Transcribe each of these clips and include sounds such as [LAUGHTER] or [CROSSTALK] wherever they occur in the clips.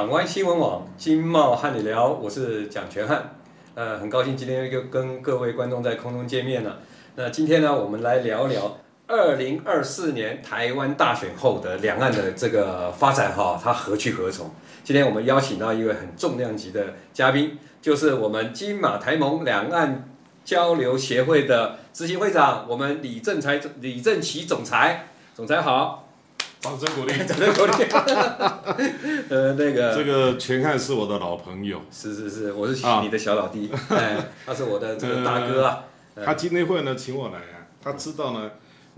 港灣新聞網經貿瀚你聊，我是蔣權瀚，呃，很高興今天又跟各位觀眾在空中見面了。那今天呢，我們來聊聊二零二四年台灣大選後的兩岸的這個發展哈，它何去何從？今天我們邀請到一位很重量級的嘉賓，就是我們金馬台澎兩岸交流協會的執行會長，我們李正圻、李正圻總裁，總裁好。掌聲鼓勵， [LAUGHS] 掌聲鼓勵。 [LAUGHS] [LAUGHS] 呃，那個，這個權瀚是我的老朋友，是是是，我是你的小老弟，啊 [LAUGHS] 哎、他是我的這個大哥、啊，呃嗯、他今天會呢請我來啊，他知道呢。嗯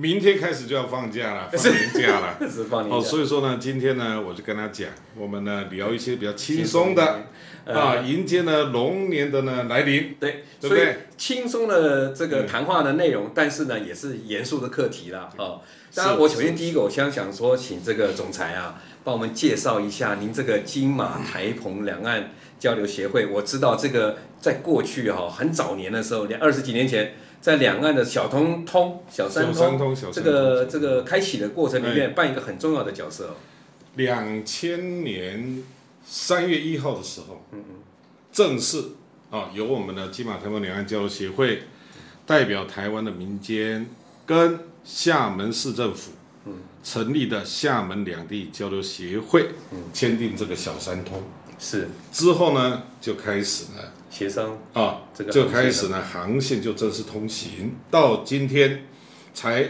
明天開始就要放假了，放年假了。是是放哦，所以說呢，今天呢，我就跟他講，我們呢聊一些比較輕鬆的，鬆的啊，呃、迎接呢龍年的呢來臨。對，所以對不對輕鬆的這個談話的內容，對但是呢也是嚴肅的課題啦。對哦，當然我首先第一個，我想想說，請這個總裁啊，幫我們介紹一下您這個金馬台澎兩岸交流協會。我知道這個在過去哈、哦、很早年的時候，連二十幾年前。在兩岸的小通通，小三通，這個小小這個開啟的過程裡面，扮一個很重要的角色、哦。兩千、哎、年三月一號的時候，嗯嗯正式由、哦、我們的金馬台澎兩岸交流協會、嗯、代表台灣的民間，跟廈門市政府，嗯、成立的廈門兩地交流協會，簽訂、嗯、這個小三通，是之後呢，就開始了協商啊，這個就開始呢，航線就正式通行，到今天，才，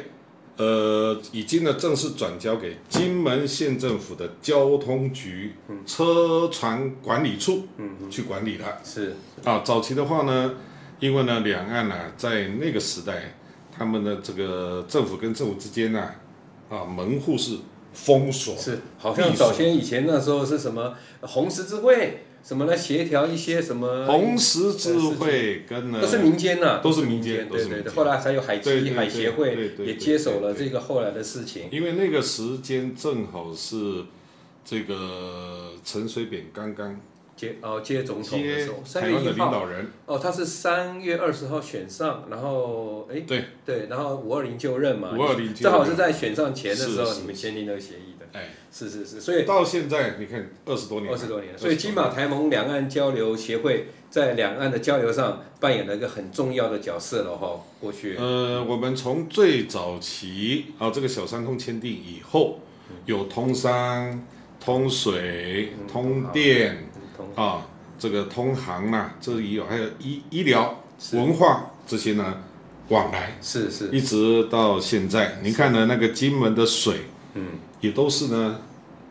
呃，已經呢正式轉交給金門縣政府的交通局車船管理處去管理了、嗯嗯。是啊，早期的話呢，因為呢兩岸呢、啊、在那個時代，他們的這個政府跟政府之間呢、啊，啊，門戶是封鎖，是，好像史早先以前那時候是什麼紅十字會。什麼來協調一些什麼？紅十字會跟、呃、都是民間吶、啊，都是民間。對對對，對對，後來才有海基海協會，也接手了這個後來的事情，對對對。因為那個時間正好是，這個陳水扁剛剛。接哦，接總統的時候，三月一號，台灣的領導人哦，他是三月二十號選上，然後哎，對對，然後五二零就任嘛，五二零正好是在選上前的時候，你們簽訂那個協議的，哎，是是是，是，是，所以到現在你看二十多年，二十多年，所以金馬台澎兩岸交流協會在兩岸的交流上扮演了一個很重要的角色了哈。過去，呃，我們從最早期啊、哦，這個小三通簽訂以後，有通商、通水、通電。嗯啊、哦，這個通航啊，這裡有還有醫醫療、是文化這些呢，往來，是是，是一直到現在。是你看呢，那個金門的水，嗯，也都是呢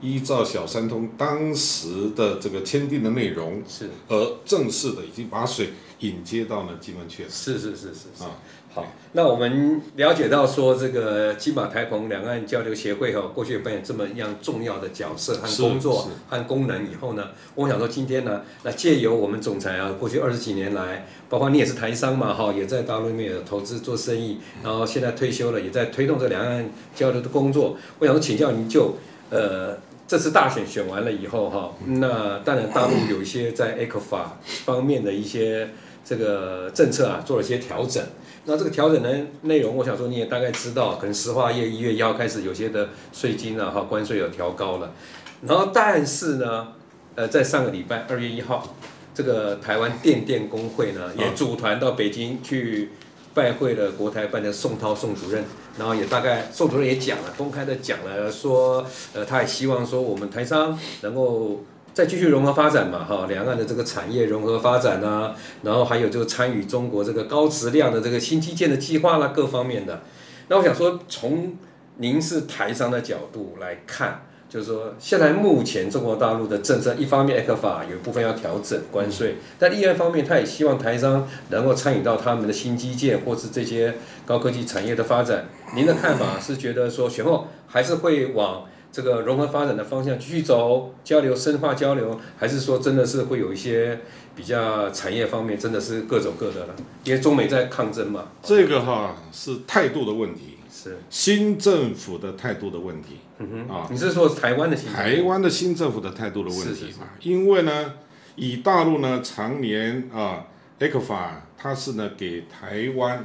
依照小三通當時的這個簽訂的內容，是，而正式的已經把水引接到了金門去了，是是是是啊。哦好，那我們了解到說這個金馬台澎兩岸交流協會哈、哦，過去扮演這麼一樣重要的角色和工作和功能以後呢，我想說今天呢，那借由我們總裁啊，過去二十幾年來，包括你也是台商嘛哈，也在大陸裡面有投資做生意，然後現在退休了，也在推動這兩岸交流的工作。我想說請教您就，呃，這次大選選完了以後哈、哦，那當然大陸有一些在 ECFA 方面的一些這個政策啊，做了一些調整。那這個調整的內容，我想說你也大概知道，可能石化業一月一號開始有些的稅金啊、哈關稅有調高了。然後，但是呢，呃，在上個禮拜二月一號，這個台灣電電公會呢也組團到北京去拜會了國台辦的宋濤宋主任，然後也大概宋主任也講了，公開的講了說，呃，他也希望說我們台商能夠。再繼續融合發展嘛，哈，兩岸的這個產業融合發展吶、啊，然後還有就是參與中國這個高質量的這個新基建的計劃啦、啊。各方面的。那我想說，從您是台商的角度來看，就是說現在目前中國大陸的政策，一方面 ECFA 有部分要調整關稅，但另外一方面，他也希望台商能夠參與到他們的新基建或是這些高科技產業的發展。您的看法是覺得說，選後還是會往？這個融合發展的方向繼續走，交流深化交流，還是說真的是會有一些比較產業方面真的是各走各的了？因為中美在抗爭嘛。這個哈是態度的問題，是新政府的態度的問題。嗯哼啊，你是說台灣的新？台灣的新政府的態度的問題嗎，是，是，是。因為呢，以大陸呢常年啊，ECFA 它是呢給台灣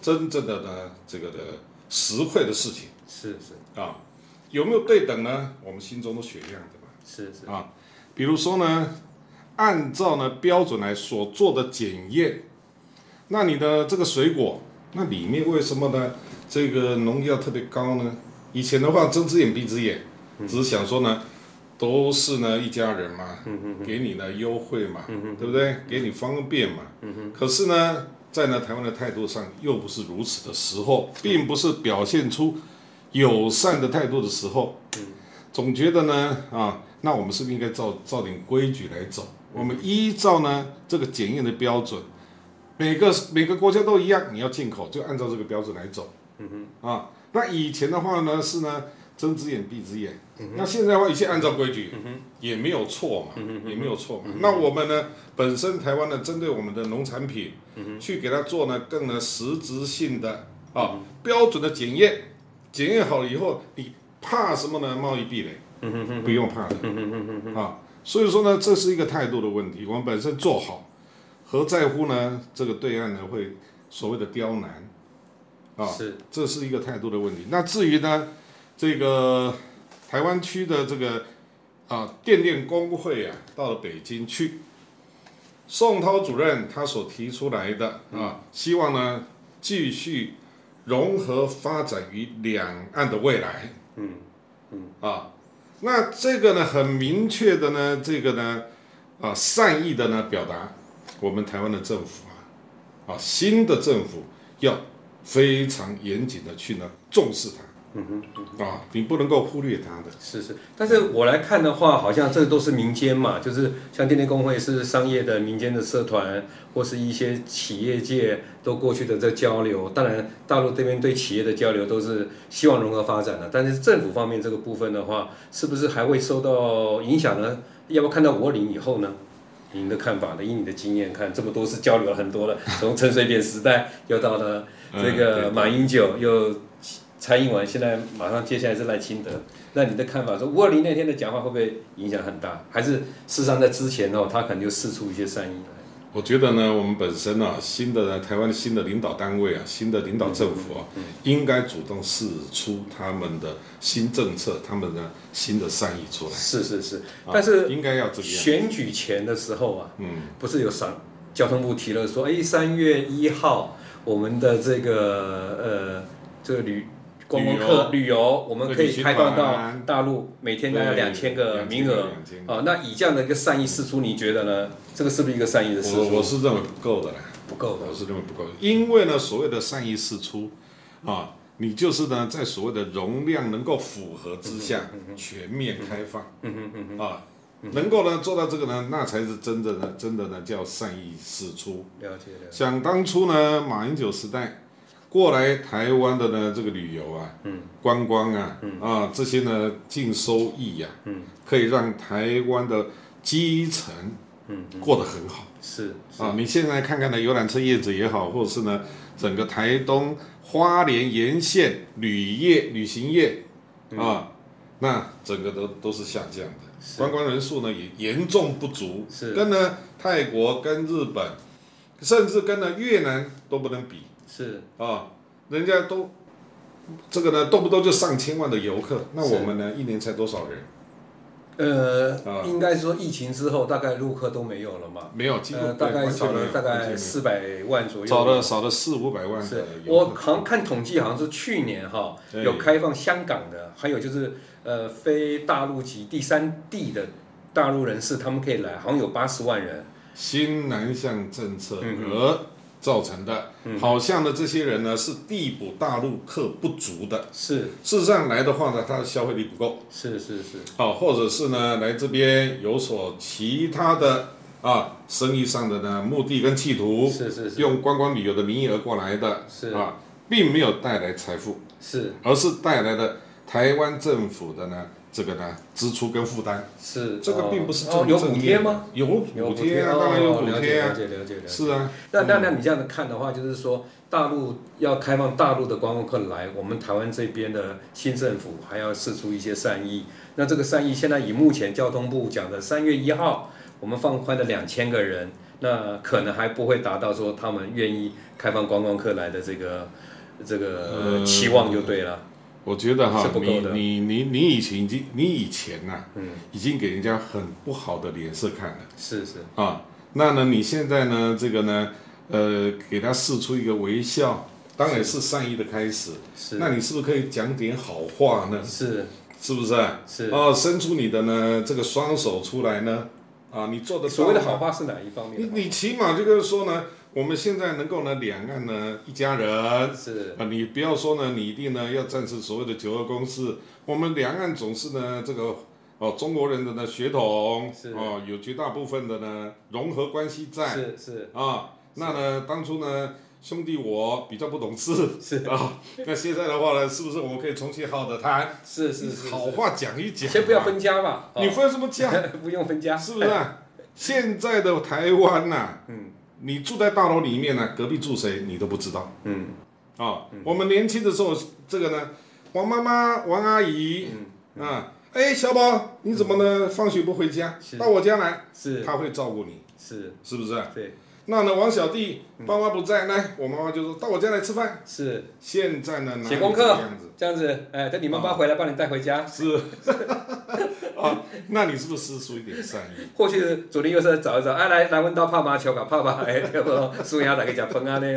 真正的呢這個的實惠的事情，是是啊。有沒有對等呢？我們心中都雪亮對吧？是是啊，比如說呢，按照呢標準來所做的檢驗，那你的這個水果，那裡面為什麼呢這個農藥特別高呢？以前的話睜隻眼閉隻眼，只想說呢，都是呢一家人嘛，給你呢優惠嘛，對不對？給你方便嘛，嗯、哼可是呢，在呢台灣的態度上又不是如此的時候，並不是表現出。友善的態度的時候，總覺得呢，啊，那我們是不是應該照照點規矩來走？我們依照呢這個檢驗的標準，每個每個國家都一樣，你要進口就按照這個標準來走。嗯哼，啊，那以前的話呢是呢睜隻眼閉隻眼，嗯哼，那現在的話一切按照規矩，嗯哼，也沒有錯嘛，嗯哼，也沒有錯嘛。嗯哼，那我們呢本身台灣呢針對我們的農產品，嗯哼，去給它做呢更呢實質性的啊、嗯哼，標準的檢驗。檢驗好了以後，你怕什麼呢？貿易壁壘，嗯、哼哼不用怕的，嗯、啊。所以說呢，這是一個態度的問題。我們本身做好，何在乎呢？這個對岸呢會所謂的刁難啊，是這是一個態度的問題。那至於呢，這個台灣區的這個啊電電工會啊，到了北京去，宋濤主任他所提出來的啊，希望呢繼續。融合發展於兩岸的未來，嗯嗯啊，那這個呢很明確的呢，這個呢啊善意的呢表達，我們台灣的政府啊啊新的政府要非常嚴謹的去呢重視它。嗯哼啊、哦，你不能夠忽略他的。是是，但是我來看的話，好像這都是民間嘛，就是像電電工會是商業的民間的社團，或是一些企業界都過去的這交流。當然，大陸這邊對企業的交流都是希望融合發展的。但是政府方面這個部分的話，是不是還會受到影響呢？要不要看到520以後呢？您的看法呢？以你的經驗看，這麼多是交流了很多了，從陳水扁時代又到了這個馬英九又、嗯。對對又蔡英文，現在馬上，接下來是賴清德，嗯、那你的看法說，五二零那天的講話會不會影響很大？還是事實上在之前哦，他可能就釋出一些善意來？我覺得呢，我們本身啊，新的呢台灣新的領導單位啊，新的領導政府啊，嗯嗯嗯、應該主動釋出他們的新政策，他們的新的善意出來。是是是，好但是應該要怎麼樣？選舉前的時候啊，嗯，不是有上交通部提了說，誒、哎、三月一號我們的這個呃這個旅。旅遊，我們可以開放到大陸，每天大概兩千個名額。那以這樣的一個善意釋出，你覺得呢？這個是不是一個善意的釋出？我是認為不夠的啦，不夠。我是認為不夠，因為呢，所謂的善意釋出啊，你就是呢，在所謂的容量能夠符合之下全面開放啊，能夠呢做到這個呢，那才是真的呢，真的呢叫善意釋出。了解，了解。想當初呢，馬英九時代，過來台灣的呢，這個旅遊啊，嗯、觀光啊，嗯、啊這些呢淨收益呀、啊，嗯、可以讓台灣的基層過得很好。嗯嗯、是，是啊，你現在看看呢，遊覽車業者也好，或者是呢，整個台東花蓮沿線旅業、旅，業旅行業、嗯、啊，那整個都都是下降的，是觀光人數呢也嚴重不足，是跟呢泰國、跟日本，甚至跟呢越南都不能比。是啊，人家都這個呢，動不動就上千萬的遊客，那我們呢，一年才多少人？呃，應該是說疫情之後，大概陸客都沒有了嘛。沒有，呃，大概少了大概四百萬左右。少了少了四五百萬。是，我好像看統計，好像是去年哈有開放香港的，還有就是呃非大陸籍第三地的大陸人士，他們可以來，好像有八十萬人。新南向政策。造成的，嗯、好像呢，這些人呢，是遞補大陸客不足的，是事實上來的話呢，他的消費力不夠，是是是，哦，或者是呢，來這邊有所其他的啊，生意上的呢目的跟企圖，是是是，用觀光旅遊的名義而過來的，是啊，並沒有帶來財富，是，而是帶來的台灣政府的呢。這個呢，支出跟負擔是、哦、這個，並不是這有補貼嗎？有補貼有、啊、有補貼，了解了解了解了解。了解了解是啊，那、嗯、那那你這樣子看的話，就是說大陸要開放大陸的觀光客來，我們台灣這邊的新政府還要釋出一些善意。嗯、那這個善意，現在以目前交通部講的三月一號我們放寬的兩千個人，那可能還不會達到說他們願意開放觀光客來的這個這個、呃呃、期望就對了。我覺得哈，你你你你以前已經，你以前吶、啊，已經給人家很不好的臉色看了，是是啊，那呢，你現在呢，這個呢，呃，給他釋出一個微笑，當然是善意的開始，那你是不是可以講點好話呢？是，是不是？是，哦，伸出你的呢這個雙手出來呢，啊，你做的所謂的好話是哪一方面？你你起碼就是說呢，我們現在能夠呢，兩岸呢一家人是啊、呃，你不要說呢，你一定呢要贊成所謂的“九二共識”。我們兩岸總是呢這個哦，中國人的呢血統是、哦、有絕大部分的呢融合關係在是是啊、哦。那呢是當初呢兄弟我比較不懂事是啊、哦，那現在的話呢，是不是我們可以重新好的談是是，是，是好話講一講？先不要分家吧，你分什麼家？ [LAUGHS] 不用分家，是不是、啊？ [LAUGHS] 現在的台灣吶、啊、嗯。你住在大樓裡面呢，隔壁住誰你都不知道。嗯，啊、哦，嗯、我們年輕的時候，這個呢，王媽媽、王阿姨，啊、嗯，哎、嗯嗯，小寶，你怎麼呢？嗯、放學不回家？是，到我家來，是，他會照顧你，是，是不是、啊？對。那呢，王小弟，爸媽不在，來，我媽媽就說到我家來吃飯。是，現在呢寫功課，這樣子，哎，等你媽媽回來，幫你帶回家。是，啊，那你是不是釋出一點善意？過去左鄰右舍找一找，哎，來，來，問到泡媽，求了，泡爸。哎，對不，叔要哪個家分啊？嘞，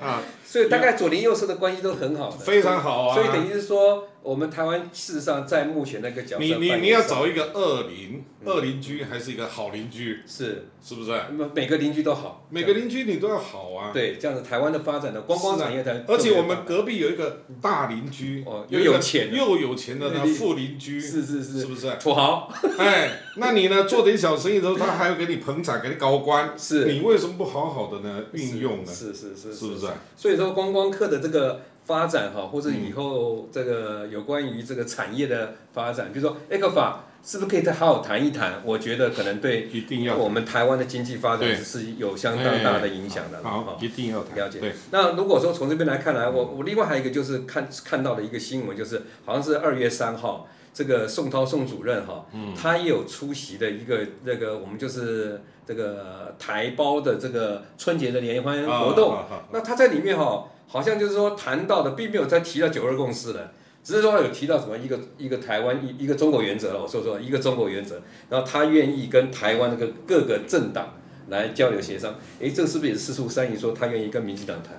啊，所以大概左鄰右舍的關係都很好。非常好啊。所以等於是說。我們台灣事實上在目前那個角色，你你你要找一個惡鄰、惡鄰居，還是一個好鄰居？是，是不是？那麼每個鄰居都好，每個鄰居你都要好啊。對，這樣子台灣的發展的觀光產業的，而且我們隔壁有一個大鄰居，哦，又有錢，又有錢的富鄰居，是是是，是不是？土豪，哎，那你呢？做點小生意的時候，他還要給你捧場，給你高官，是你為什麼不好好的呢？運用呢？是是是，是不是？所以說觀光客的這個。發展哈，或者以後這個有關於這個產業的發展，嗯、比如說 ECFA 是不是可以再好好談一談？我覺得可能對我們台灣的經濟發展是有相當大的影響的。嗯好。好，好一定要了解。對那如果說從這邊來看來，我我另外還有一個就是看看到的一個新聞，就是好像是二月三號，這個宋濤宋主任哈，嗯、他也有出席的一個那、這個我們就是這個台胞的這個春節的聯歡活動。那他在裡面哈。好像就是說談到的，並沒有再提到九二共識了，只是說他有提到什麼一個一個台灣一個一個中國原則，我說說一個中國原則，然後他願意跟台灣的各個政黨來交流協商。誒，這是不是也是釋出善意說他願意跟民進黨談。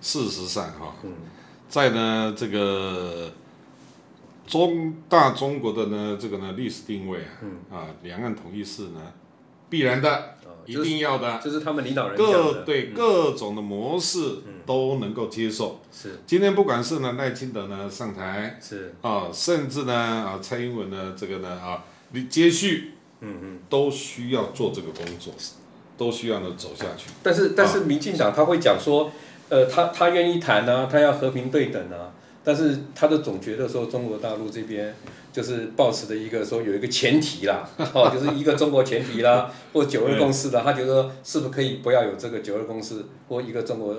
事實上哈，在呢這個中大中國的呢這個呢歷史定位啊，啊兩岸統一是呢必然的。嗯就是、一定要的，就是他們領導人講的，各對、嗯、各種的模式都能夠接受。嗯、是，今天不管是呢賴清德呢上台，是啊、呃，甚至呢啊、呃、蔡英文呢這個呢啊你、呃、接續，嗯嗯，都需要做這個工作，都需要呢走下去。但是但是民進黨他會講說，嗯、呃他他願意談呢、啊，他要和平對等呢、啊，但是他就總覺得說中國大陸這邊。就是抱持的一個說，有一個前提啦，哦，就是一個中國前提啦， [LAUGHS] 或九二共識的，他覺得說是不是可以不要有這個九二共識或一個中國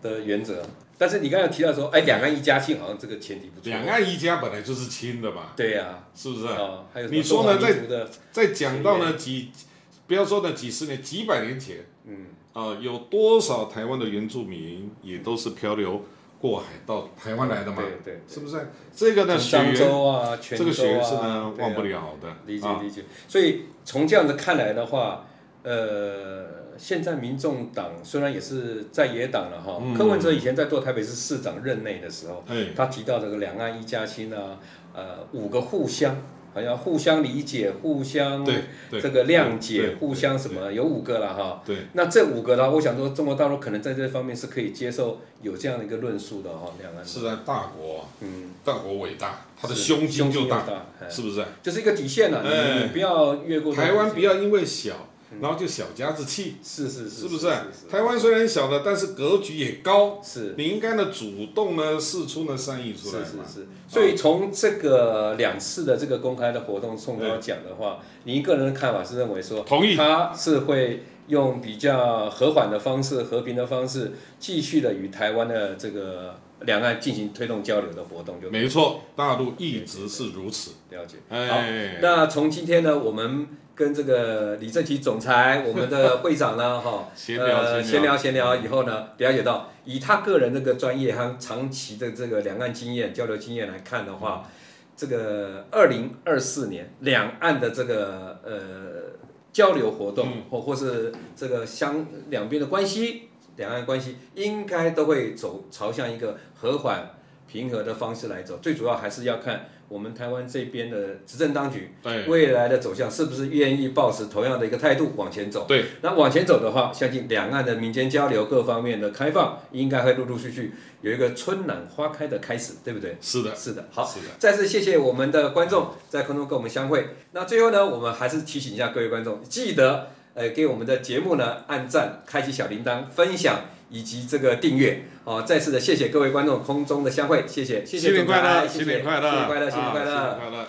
的原則？但是你剛才提到說，哎，兩岸一家親，好像這個前提不錯，啊。兩岸一家本來就是親的嘛。對呀，啊，是不是啊？哦，還有的你說呢？在在講到呢幾，不要說呢幾十年，幾百年前，嗯，啊，呃，有多少台灣的原住民也都是漂流？嗯過海到台灣來的嘛，對對對，是不是？這個呢，漳州、啊、泉州啊是呢，啊、忘不了的。理解理解。啊、所以從這樣子看來的話，呃，現在民眾黨雖然也是在野黨了哈。嗯、柯文哲以前在做台北市市長任內的時候，嗯、他提到這個兩岸一家親啊，呃，五個互相。好像互相理解，互相這個諒解，互相什麼？有五個了哈。對，那這五個呢？我想說，中國大陸可能在這方面是可以接受有這樣的一個論述的哈。兩岸是在大國，嗯，大國偉大，他的胸襟就大，是，大嘿是不是、啊？就是一個底線了、啊，你，你不要越過、哎、台灣，不要因為小。然後就小家子氣，是是是，是，是不是？是是是是台灣雖然小的，但是格局也高。是，你應該呢主動呢，釋出呢善意出來。是，是是。所以從這個兩次的這個公開的活動，宋濤講的話，嗯、你一個人的看法是認為說，同意，他是會用比較和緩的方式、和平的方式，繼續的與台灣的這個兩岸進行推動交流的活動就，就沒錯。大陸一直是如此。對對對了解。哎、好，那從今天呢，我們。跟這個李正圻總裁，我們的會長呢，哈 [LAUGHS] 調，呃，閒聊閒聊以後呢，了解到以他個人這個專業和長期的這個兩岸經驗交流經驗來看的話，嗯、這個二零二四年兩岸的這個呃交流活動、嗯、或或是這個相兩邊的關係，兩岸關係應該都會走朝向一個和緩平和的方式來走，最主要還是要看，我們台灣這邊的執政當局，對未來的走向是不是願意抱持同樣的一個態度往前走？對，那往前走的話，相信兩岸的民間交流各方面的開放，應該會陸陸續續有一個春暖花開的開始，對不對？是的，是的，好，是的。再次謝謝我們的觀眾在空中跟我們相會。那最後呢，我們還是提醒一下各位觀眾，記得。呃，給我們的節目呢，按贊、開啟小鈴鐺、分享以及這個訂閱，哦，再次的謝謝各位觀眾空中的相會，謝謝，謝謝，新年謝謝新年快樂，新年謝快樂，新年快樂，新年、啊、快樂。啊